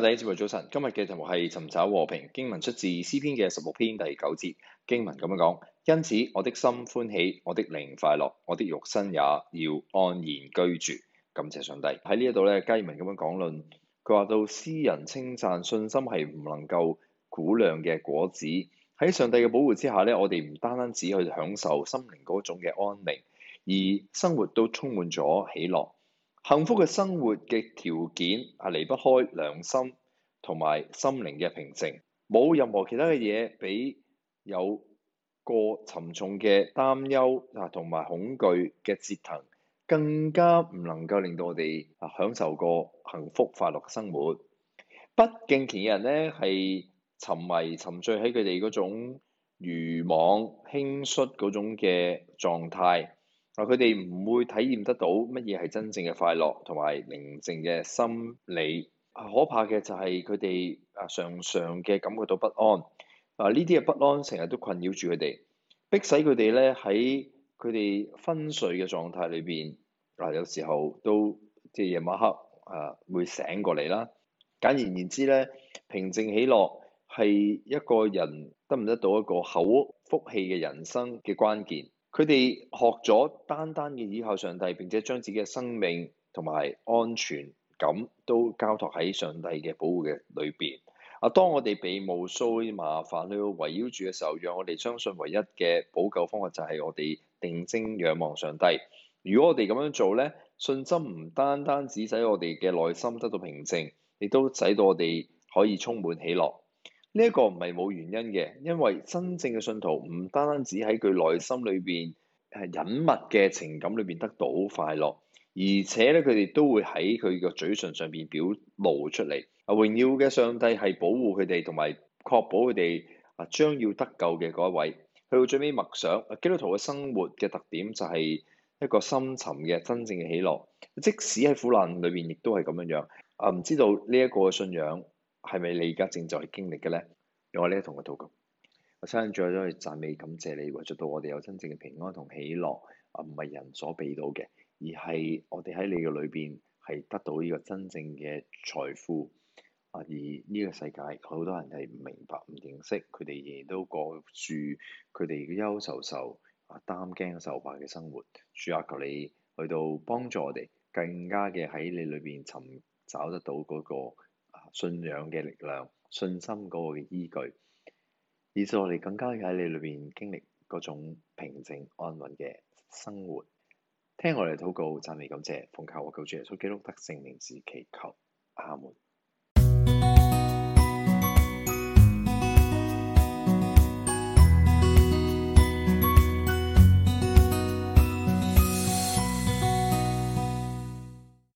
大家好，早晨，今日嘅題目係尋找和平。經文出自詩篇嘅十六篇第九節，經文咁樣講：因此我的心歡喜，我的靈快樂，我的肉身也要安然居住。感謝上帝喺呢一度咧，加爾文咁樣講論，佢話到詩人稱讚信心係唔能夠估量嘅果子。喺上帝嘅保護之下咧，我哋唔單單只去享受心靈嗰種嘅安寧，而生活都充滿咗喜樂。幸福嘅生活嘅條件啊，離不開良心同埋心靈嘅平靜，冇任何其他嘅嘢，比有過沉重嘅擔憂啊，同埋恐懼嘅折騰，更加唔能夠令到我哋啊享受過幸福快樂嘅生活。不敬虔嘅人咧，係沉迷沉醉喺佢哋嗰種愚妄輕率嗰種嘅狀態。嗱，佢哋唔會體驗得到乜嘢係真正嘅快樂同埋寧靜嘅心理。啊，可怕嘅就係佢哋啊，常常嘅感覺到不安。啊，呢啲嘅不安成日都困擾住佢哋，逼使佢哋咧喺佢哋昏睡嘅狀態裏邊。嗱，有時候都即係夜晚黑啊，會醒過嚟啦。簡而言之咧，平靜喜樂係一個人得唔得到一個好福氣嘅人生嘅關鍵。佢哋學咗單單嘅依靠上帝，並且將自己嘅生命同埋安全感都交託喺上帝嘅保護嘅裏邊。啊，當我哋被無數麻煩喺度圍繞住嘅時候，讓我哋相信唯一嘅補救方法就係我哋定睛仰望上帝。如果我哋咁樣做咧，信心唔單單只使我哋嘅內心得到平靜，亦都使到我哋可以充滿喜樂。呢一個唔係冇原因嘅，因為真正嘅信徒唔單單只喺佢內心裏邊係隱密嘅情感裏邊得到快樂，而且咧佢哋都會喺佢個嘴唇上邊表露出嚟。阿榮耀嘅上帝係保護佢哋同埋確保佢哋啊，將要得救嘅嗰一位。去到最尾默想，基督徒嘅生活嘅特點就係一個深沉嘅真正嘅喜樂，即使喺苦難裏邊亦都係咁樣樣。啊，唔知道呢一個信仰。係咪你而家正在經歷嘅咧？我呢個同佢討論。我相信最後都係讚美感謝你，為著到我哋有真正嘅平安同喜樂啊，唔係人所俾到嘅，而係我哋喺你嘅裏邊係得到呢個真正嘅財富啊！而呢個世界好多人係唔明白、唔認識，佢哋仍然都過住佢哋嘅憂愁愁啊、擔驚受怕嘅生活。主啊，求你去到幫助我哋，更加嘅喺你裏邊尋找得到嗰、那個。信仰嘅力量，信心嗰個嘅依據，以至我哋更加喺你裏邊經歷各種平靜安穩嘅生活。聽我哋禱告，讚美感謝，奉靠我救主耶穌基督得勝名字祈求，阿門。